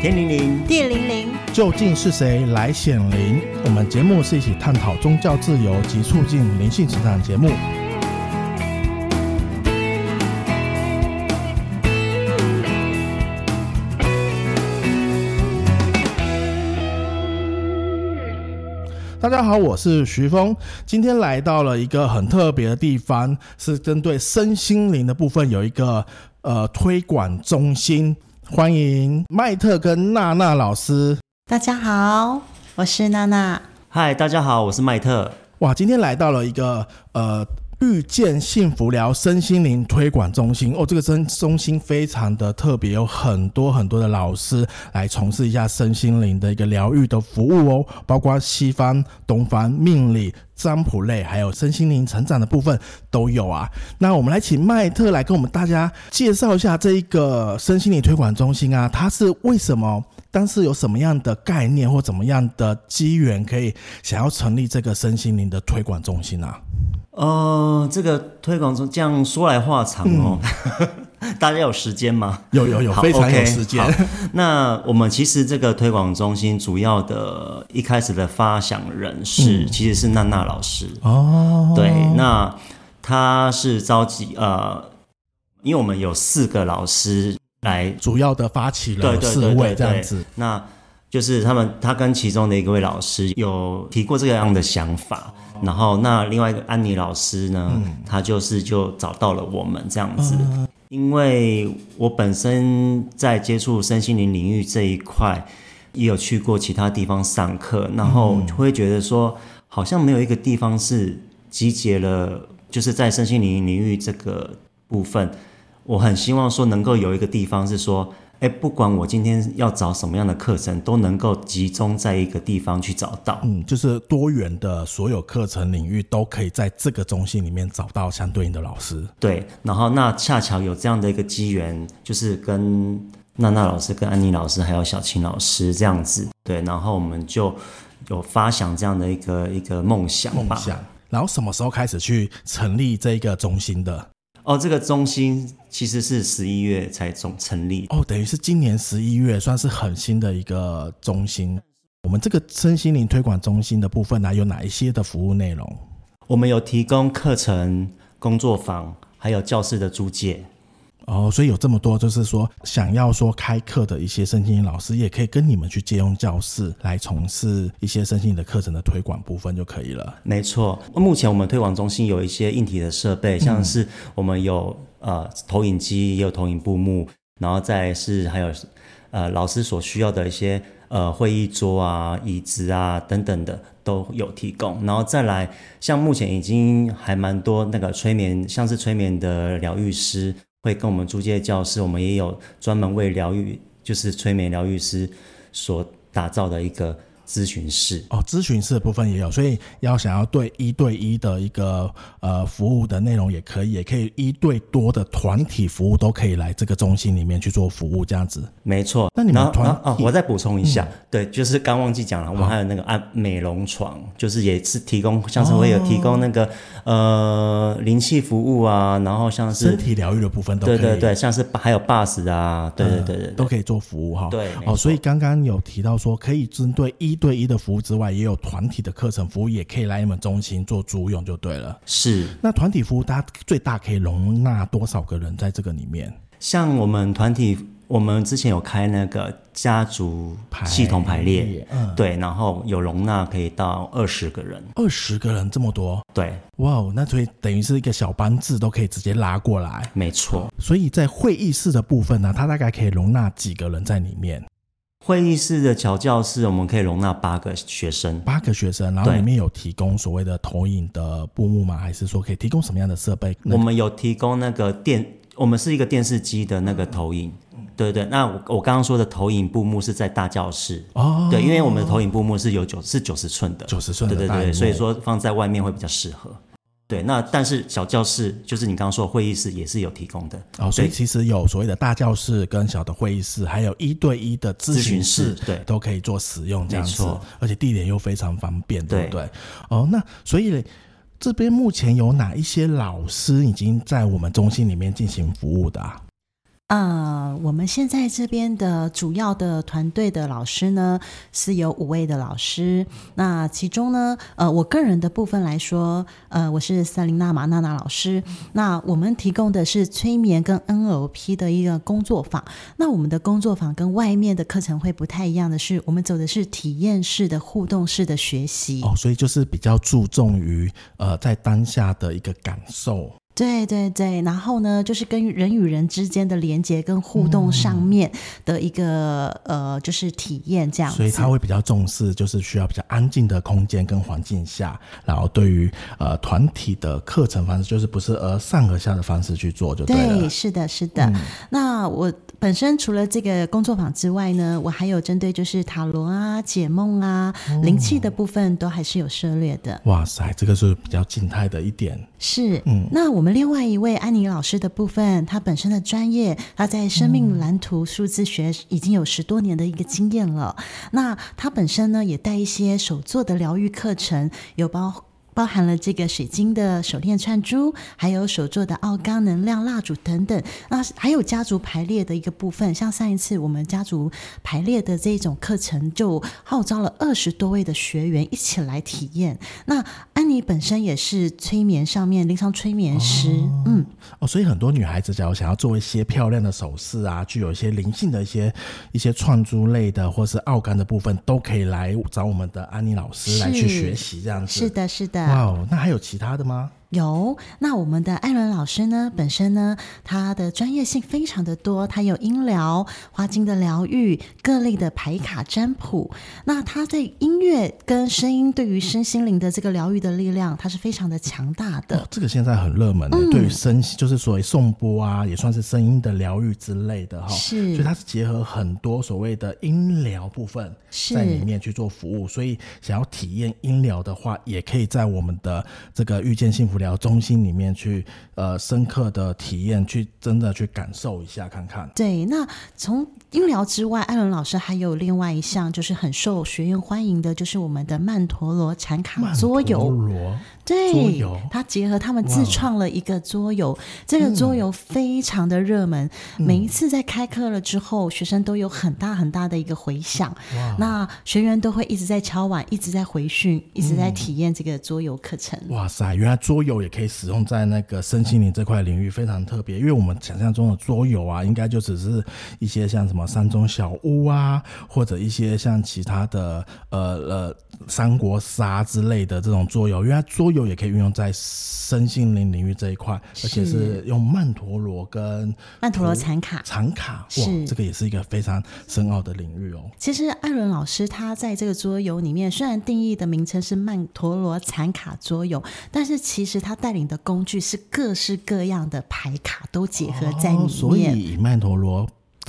天靈靈，地靈靈，究竟是誰來顯靈？我們節目是一起探討宗教自由及促進靈性成長的節目。大家好，我是徐峰，今天來到了一個很特別的地方，是針對身心靈的部分有一個呃推廣中心。歡迎麥特跟娜娜老師，大家好，我是娜娜。嗨，大家好，我是麥特。哇，今天來到了一個呃。遇見幸福療身心靈推廣中心哦，這個身中心非常的特別，有很多很多的老師來從事一下身心靈的一個療癒的服務哦，包括西方、東方、命理、占卜類，還有身心靈成長的部分都有啊。那我們來請麥特來跟我們大家介紹一下這一個身心靈推廣中心啊，它是為什麼？當時有什麼樣的概念或怎麼樣的機緣，可以想要成立這個身心靈的推廣中心呢、啊？哦、呃，這個推廣中這樣說來話長哦，嗯、 大家有時間嗎？有有有，好非常有時 OK 時間。那我們其實這個推廣中心主要的一開始的發想人是、嗯、其實是娜娜老師、嗯、對哦，對，那她是召集呃，因為我們有四個老師來主要的發起人，四位對對對對對這樣子那。就是他們，他跟其中的一位老師有提過這樣的想法，然後那另外一個安妮老師呢，他就是就找到了我們這樣子。因為我本身在接觸身心靈領域這一塊，也有去過其他地方上課，然後就會覺得說，好像沒有一個地方是集結了，就是在身心靈領域這個部分，我很希望說能夠有一個地方是說。哎，不管我今天要找什麼樣的課程，都能夠集中在一個地方去找到。嗯，就是多元的所有課程領域都可以在這個中心裡面找到相對應的老師。對，然後那恰巧有這樣的一個機緣，就是跟娜娜老師、跟安妮老師還有小琴老師這樣子。對，然後我們就有發想這樣的一個一個夢想。夢想。然後什麼時候開始去成立這個中心的？哦，這個中心其實是十一月才總成立。哦，等於是今年十一月算是很新的一個中心。我們這個身心靈推廣中心的部分呢、啊，有哪一些的服務內容？我們有提供課程、工作坊，還有教室的租借。哦，所以有這麼多，就是說想要說開課的一些身心老師，也可以跟你們去借用教室來從事一些身心的課程的推廣部分就可以了。沒錯，目前我們推廣中心有一些硬體的設備，像是我們有、嗯、呃投影機，也有投影布幕，然後再是還有呃老師所需要的一些呃會議桌啊、椅子啊等等的都有提供。然後再來，像目前已經還蠻多那個催眠，像是催眠的療癒師。會跟我們租借教室，我們也有專門為療癒，就是催眠療癒師所打造的一個諮詢室哦，諮詢室的部分也有，所以要想要對一對一的一個呃服務的內容也可以，也可以一對多的團體服務都可以來這個中心裡面去做服務，這樣子。沒錯錯，那你們團啊、哦，我再補充一下，嗯、對，就是剛忘記講了，我們還有那個按美容床，哦、就是也是提供，像是會有提供那個、哦、呃靈氣服務啊，然後像是身體療癒的部分都可以，都對對對，像是還有 bus 啊，對對對對，對、嗯，都可以做服務哈、哦。對哦，所以剛剛有提到說可以針對一對一的服務之外，也有團體的課程服務，也可以來你們中心做租用就對了。是，那團體服務它最大可以容納多少個人在這個裡面？像我們團體，我們之前有開那個家族系統排列，排嗯、對，然後有容納可以到二十個人，二十個人這麼多？對，哇、wow, 那所以等於是一個小班制都可以直接拉過來，沒錯。所以在會議室的部分呢，它大概可以容納幾個人在裡面？會議室的小教室，我們可以容納八個學生。八個學生，然後裡面有提供所謂的投影的布幕嗎？對還是說可以提供什麼樣的設備？那個、我們有提供那個電，我們是一個電視機的那個投影，對對。那我我剛剛說的投影布幕是在大教室哦，對，因為我們的投影布幕是有九是九十寸的，九十寸的，對對對，所以說放在外面會比較適合。對，那但是小教室就是你剛剛說的會議室也是有提供的哦，所以其實有所謂的大教室跟小的會議室，還有一對一的諮詢、諮詢室，對，都可以做使用這樣子，沒錯，而且地點又非常方便，對不對？對哦，那所以這邊目前有哪一些老師已經在我們中心裡面進行服務的啊？呃，uh, 我們現在這邊的主要的團隊的老師呢是有五位的老師。那其中呢，呃，我個人的部分來說，呃，我是薩琳娜瑪娜娜老師。那我們提供的是催眠跟 NLP 的一個工作坊。那我們的工作坊跟外面的課程會不太一樣的是，我們走的是體驗式的、互動式的學習。哦，所以就是比較注重於呃，在當下的一個感受。對對對，然後呢，就是跟人與人之間的連接跟互動上面的一個、嗯、呃，就是體驗這樣。所以他會比較重視，就是需要比較安靜的空間跟環境下，然後對於呃團體的課程方式，就是不是而上而下的方式去做就對了。對，是的，是的。嗯、那我本身除了這個工作坊之外呢，我還有針對就是塔羅啊、解夢啊、嗯、靈氣的部分，都還是有涉獵的。哇塞，這個是比較靜態的一點。是，嗯。那我們。另外一位安妮老師的部分，她本身的專業，她在生命藍圖數字學已經有十多年的一個經驗了。嗯、那她本身呢，也帶一些手作的療癒課程，有包括。包含了這個水晶的手鏈串珠，還有手做的奧岡能量蠟燭等等。那還有家族排列的一個部分，像上一次我們家族排列的這種課程，就號召了二十多位的學員一起來體驗。那安妮本身也是催眠上面靈商催眠師，哦嗯哦，所以很多女孩子假如想要做一些漂亮的首飾啊，具有一些靈性的一些一些串珠類的，或是奧岡的部分，都可以來找我們的安妮老師來去學習。是這樣子是的，是的，是的。哇哦，那還有其他的嗎？有，那我們的艾倫老師呢，本身呢，他的專業性非常的多，他有音療、花精的療癒、各類的牌卡占卜。那他對音樂跟聲音對於身心靈的這個療癒的力量，他是非常的強大的，哦。這個現在很熱門的，欸，嗯、對於聲，就是所謂頌缽啊，也算是聲音的療癒之類的哈、喔。是，所以他是結合很多所謂的音療部分在裡面去做服務。是所以想要體驗音療的話，也可以在我們的這個癒見幸福。療中心裡面去，呃，深刻的體驗，去真的去感受一下看看。對，那從音療之外，艾倫老師還有另外一項，就是很受學員歡迎的，就是我們的曼陀羅禪卡桌遊。曼陀對，他遊結合他們自創了一個桌遊，哇這個桌遊非常的熱門。嗯、每一次在開課了之後，學生都有很大很大的一個回響。哇那學員都會一直在敲碗，一直在回訓，一直在體驗這個桌遊課程。哇塞，原來桌遊也可以使用在那個身心靈這塊領域，非常特別。因為我們想象中的桌遊啊，應該就只是一些像什麼山中小屋啊，或者一些像其他的呃呃三國殺之類的這種桌遊。原來桌遊。又也可以運用在身心靈領域這一塊，是而且是用曼陀羅跟，跟曼陀羅禪卡、禪卡，是哇，這個也是一個非常深奧的領域哦。其實艾倫老師他在這個桌遊裡面，雖然定義的名稱是曼陀羅禪卡桌遊，但是其實他帶領的工具是各式各樣的牌卡都結合在裡面，哦、所以曼陀羅。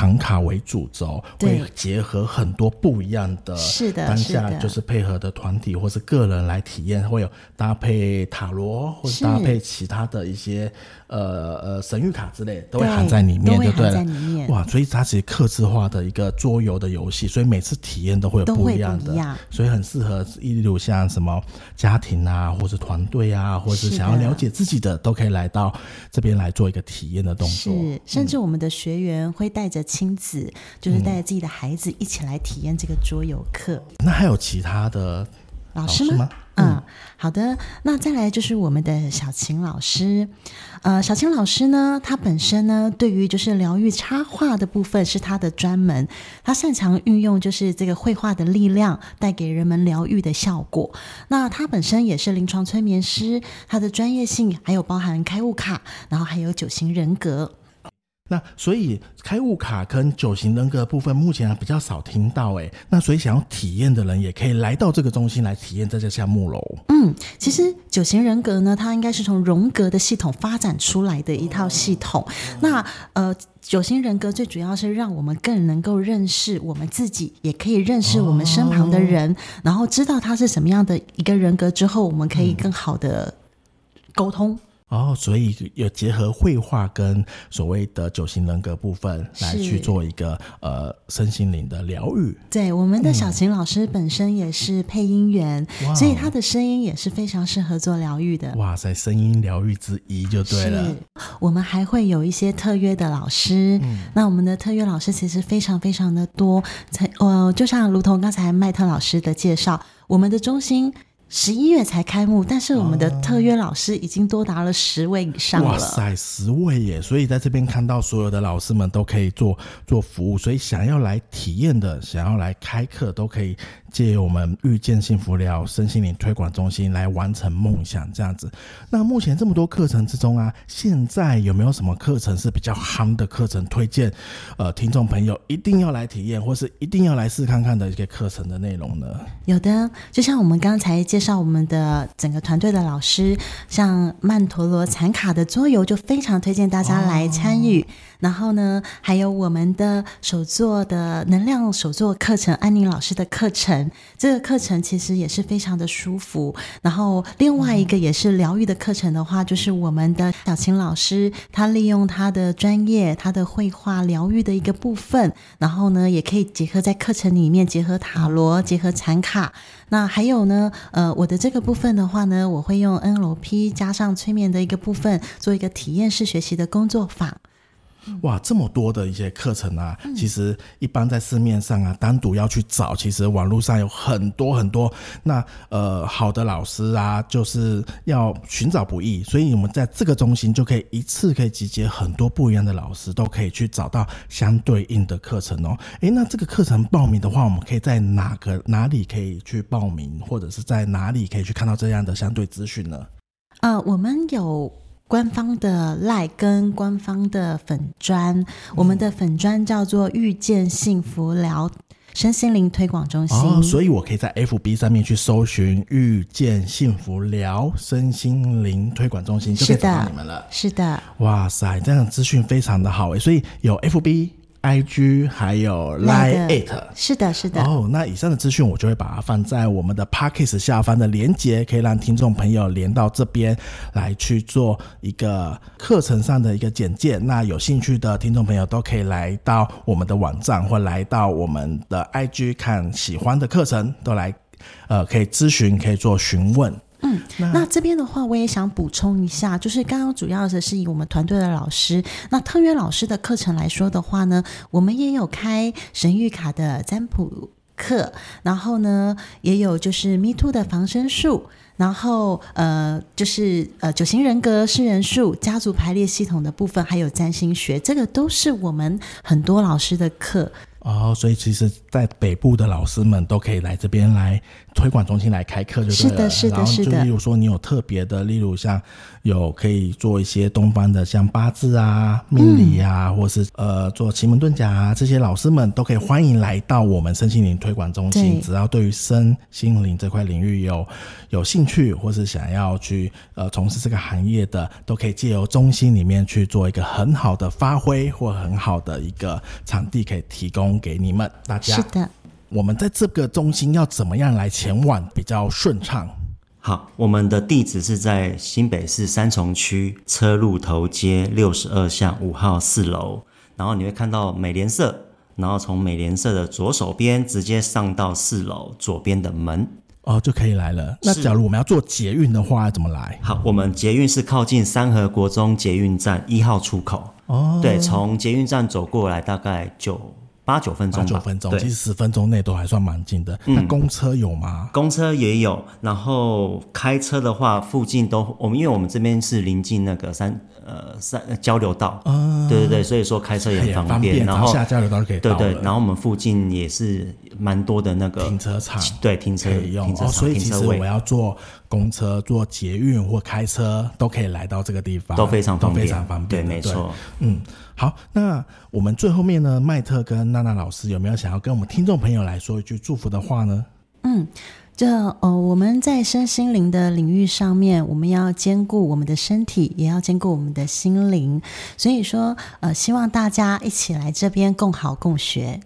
唐卡為主軸，會結合很多不一樣的當下，就是配合的團體或是個人來體驗，會有搭配塔羅，或是搭配其他的一些。呃呃，神諭卡之類的都會含在裡面，對不對？對哇，所以它其實客製化的一個桌遊的遊戲，所以每次體驗都會有不一樣的，樣所以很適合例如像什麼家庭啊，或者團隊啊，或者是想要了解自己的，的都可以來到這邊來做一個體驗的動作。甚至我們的學員會帶着親子，嗯、就是帶着自己的孩子一起來體驗這個桌遊課。嗯、那還有其他的？老師們，嗯、啊，好的。那再來就是我們的小琴老師，呃，小琴老師呢，他本身呢，對於就是療癒插畫的部分是他的專門，他擅長運用就是這個繪畫的力量帶給人們療癒的效果。那他本身也是臨床催眠師，他的專業性還有包含開悟卡，然後還有九型人格。那所以開悟卡跟九型人格的部分，目前還比較少聽到誒、欸，那所以想要體驗的人，也可以來到這個中心來體驗在這項目嘍。嗯，其實九型人格呢，它應該是從榮格的系統發展出來的一套系統。哦、那呃，九型人格最主要是讓我們更能夠認識我們自己，也可以認識我們身旁的人，哦、然後知道他是什麼樣的一個人格之後，我們可以更好的溝通。嗯哦，所以要結合繪畫跟所謂的九型人格部分來去做一個是呃身心靈的療癒。對，我們的小琴老師本身也是配音員，嗯、所以她的聲音也是非常適合做療癒的。哇塞，聲音療癒之一就對了。我們還會有一些特約的老師，嗯、那我們的特約老師其實非常非常的多。才呃，就像如同剛才麥特老師的介紹，我們的中心。十一月才開幕，但是我們的特約老師已經多達了十位以上了。哇塞，十位耶！所以在這邊看到所有的老師們都可以做做服務，所以想要來體驗的、想要來開課都可以借由我們癒見幸福療身心靈推廣中心來完成夢想。這樣子，那目前這麼多課程之中啊，現在有沒有什麼課程是比較夯的課程推薦？呃，聽眾朋友一定要來體驗，或是一定要來試看看的一個課程的內容呢？有的，就像我們剛才介紹我們的整個團隊的老師，像曼陀羅、禪卡的桌遊就非常推薦大家來參與。Oh. 然後呢，還有我們的手作的能量手作課程，安寧老師的課程，這個課程其實也是非常的舒服。然後另外一個也是療癒的課程的話，oh. 就是我們的小琴老師，他利用他的專業，他的繪畫療癒的一個部分，然後呢也可以結合在課程裡面，結合塔羅，oh. 結合禪卡。那還有呢？呃，我的這個部分的話呢，我會用 NLP 加上催眠的一個部分，做一個體驗式學習的工作坊。哇，這麼多的一些課程啊，嗯、其實一般在市面上啊，單獨要去找，其實網絡上有很多很多，那呃好的老師啊，就是要尋找不易，所以我們在這個中心就可以一次可以集結很多不一樣的老師，都可以去找到相對應的課程哦、喔。誒、欸，那這個課程報名的話，我們可以在哪個哪裡可以去報名，或者是在哪裡可以去看到這樣的相對資訊呢？呃，我們有。官方的賴、like、跟官方的粉專，我們的粉專叫做癒見幸福療身心靈推廣中心，哦、所以，我可以在 F B 上面去搜尋癒見幸福療身心靈推廣中心，就可以找到你們了。是的，是的，哇塞，這樣的資訊非常的好誒、欸，所以有 F B。I G 還有 Line，那個，是的，是的。哦，那以上的資訊我就會把它放在我們的 Podcast 下方的鏈接，可以讓聽眾朋友連到這邊來去做一個課程上的一個簡介。那有興趣的聽眾朋友都可以來到我們的網站或來到我們的 I G 看喜歡的課程，都來呃可以諮詢，可以做詢問。嗯，那，那這邊的話，我也想補充一下，就是剛剛主要的是以我們團隊的老師，那特約老師的課程來說的話呢，我們也有開神諭卡的占卜課，然後呢，也有就是密 o 的防身術，然後呃，就是呃九型人格、四人術、家族排列系統的部分，還有占星學，這個都是我們很多老師的課。哦，所以其實，在北部的老師們都可以來這邊來。推廣中心來開課就是，然後就例如說你有特別的，例如像有可以做一些東方的，像八字啊、命理啊，嗯、或是呃做奇門遁甲啊，這些，老師們都可以歡迎來到我們身心靈推廣中心。對只要對於身心靈這塊領域有有興趣，或是想要去呃從事這個行業的，都可以借由中心裡面去做一個很好的發揮，或很好的一個場地可以提供給你們大家。是的。我們在這個中心要怎麼樣來前往比較順暢？好，我們的地址是在新北市三重區車路頭街六十二巷五號四樓。然後你會看到美廉社，然後從美廉社的左手邊直接上到四樓左邊的門哦，就可以來了。那假如我們要坐捷運的話，要是怎麼來？好，我們捷運是靠近三和國中捷運站一號出口哦。對，從捷運站走過來大概就。八九分鐘，九分鐘，其實十分鐘內都還算蠻近的。那公車有嗎？公車也有。然後開車的話，附近都我們，因為我們這邊是臨近那個三呃三交流道，對對對，所以說開車也很方便。然後下交流道可以到。對對，然後我們附近也是蠻多的那個停車場，對，停車停車場，所以其實我要坐公車、坐捷運或開車都可以來到這個地方，都非常方便，對，沒錯，嗯。好，那我們最後面呢？麥特跟娜娜老師有沒有想要跟我們聽眾朋友來說一句祝福的話呢？嗯，這呃，我們在身心靈的領域上面，我們要兼顧我們的身體，也要兼顧我們的心靈。所以說，呃，希望大家一起來這邊共好共學。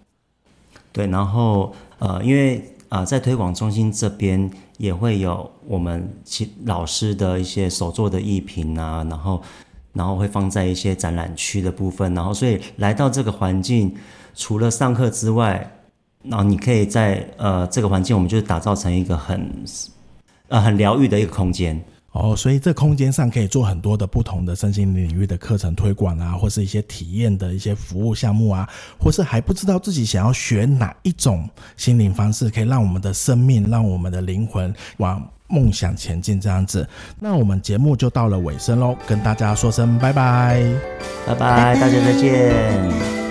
對，然後呃，因為啊、呃，在推廣中心這邊也會有我們其老師的一些手作的藝品啊，然後。然後會放在一些展覽區的部分，然後所以來到這個環境，除了上課之外，然後你可以在呃這個環境，我們就是打造成一個很呃很療癒的一個空間哦，所以這空間上可以做很多的不同的身心領域的課程推廣啊，或是一些體驗的一些服務項目啊，或是還不知道自己想要學哪一種心靈方式，可以讓我們的生命，讓我們的靈魂往。夢想前進這樣子，那我們節目就到了尾聲嘍，跟大家說聲拜拜，拜拜，拜拜，大家再見。拜拜。